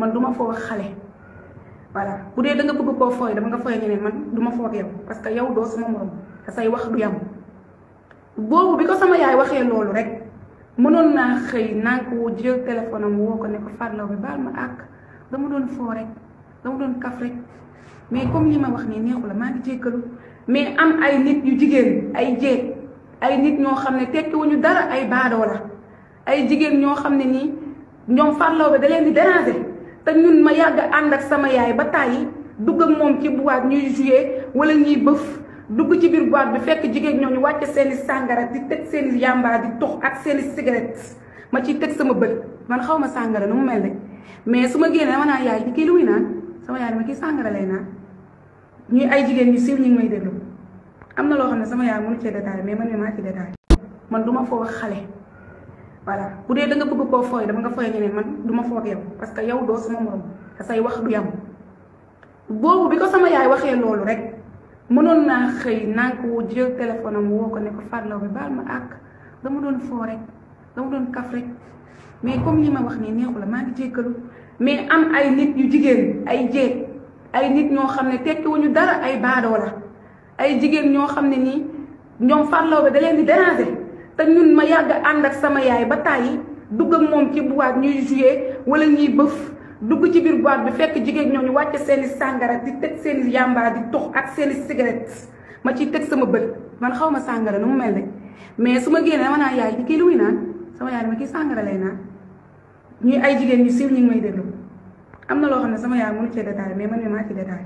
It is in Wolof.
man du ma foo xale voilà bu dee da nga bëgg koo fooy dama nga fooy ñeneen man duma ma foo ak parce que yow doo sama morom te say wax du yam boobu bi ko sama yaay waxee loolu rek mënoon naa xëy naa ko jël téléphone am woo ko ne ko farlaw bi baal ma àkk dama doon foo rek dama doon kaf rek mais comme li ma wax nii neexu la maa ngi jéggalu mais am ay nit yu jigéen ay jéeg ay nit ñoo xam ne tekkiwuñu dara ay baadoo la ay jigéen ñoo xam ne nii ñoom farlaw bi da leen di déranger dañ ñun ma yàgg ànd ak sama yaay ba tàyyi dugg ak moom ci boîte ñuy jouer wala ñuy bëf dugg ci biir boîte bi fekk jigéen ñoo ñu wàcce seeni sàngara di teg seeni yàmbaa di tux ak seeni cigarette ma ci teg sama bët man xaw ma sàngara nu mu mel ne mais su ma génnee dama naan yaay kii lu muy naan sama yaay dama kii sàngara lay naan ñuy ay jigéen ñu siiw ñu ngi may déglu am na loo xam ne sama yaay mënu cee détaillé mais man mi maa ci détaillé man du ma foo wax xale voilà bu dee da nga bëgg koo fooy dama nga fooy ñeneen man du ma foog yow parce que yow doo sama morom te say wax du yam boobu bi ko sama yaay waxee loolu rek mënoon naa xëy naa ko jël téléphone am woo ko ne ko Fatou Laobé baal ma àkk dama doon foo rek dama doon kaf rek mais comme li ma wax nii neexu la maa ngi jéggalu mais am ay nit yu jigéen ay jéeg ay nit ñoo xam ne tekkiwuñu dara ay baadoo la ay jigéen ñoo xam ne nii ñoom Fatou Laobé da leen di déranger. te ñun ma yàgg ànd ak sama yaay ba tàyyi dugg ak moom ci boîte ñuy jouer wala ñuy bëf dugg ci biir boîte bi fekk jigéen ñoo ñu wàcce seen i sàngara di teg seeni i di tux ak seeni i ma ci teg sama bët man xaw ma sàngara nu mu mel ne mais su ma génnee dama naan yaay kii lu muy naan sama yaay dama kii sàngara lay naan ñuy ay jigéen ñu siiw ñu ngi may déglu am na loo xam ne sama yaay mënu cee détaillé mais man mii maa ci détaillé.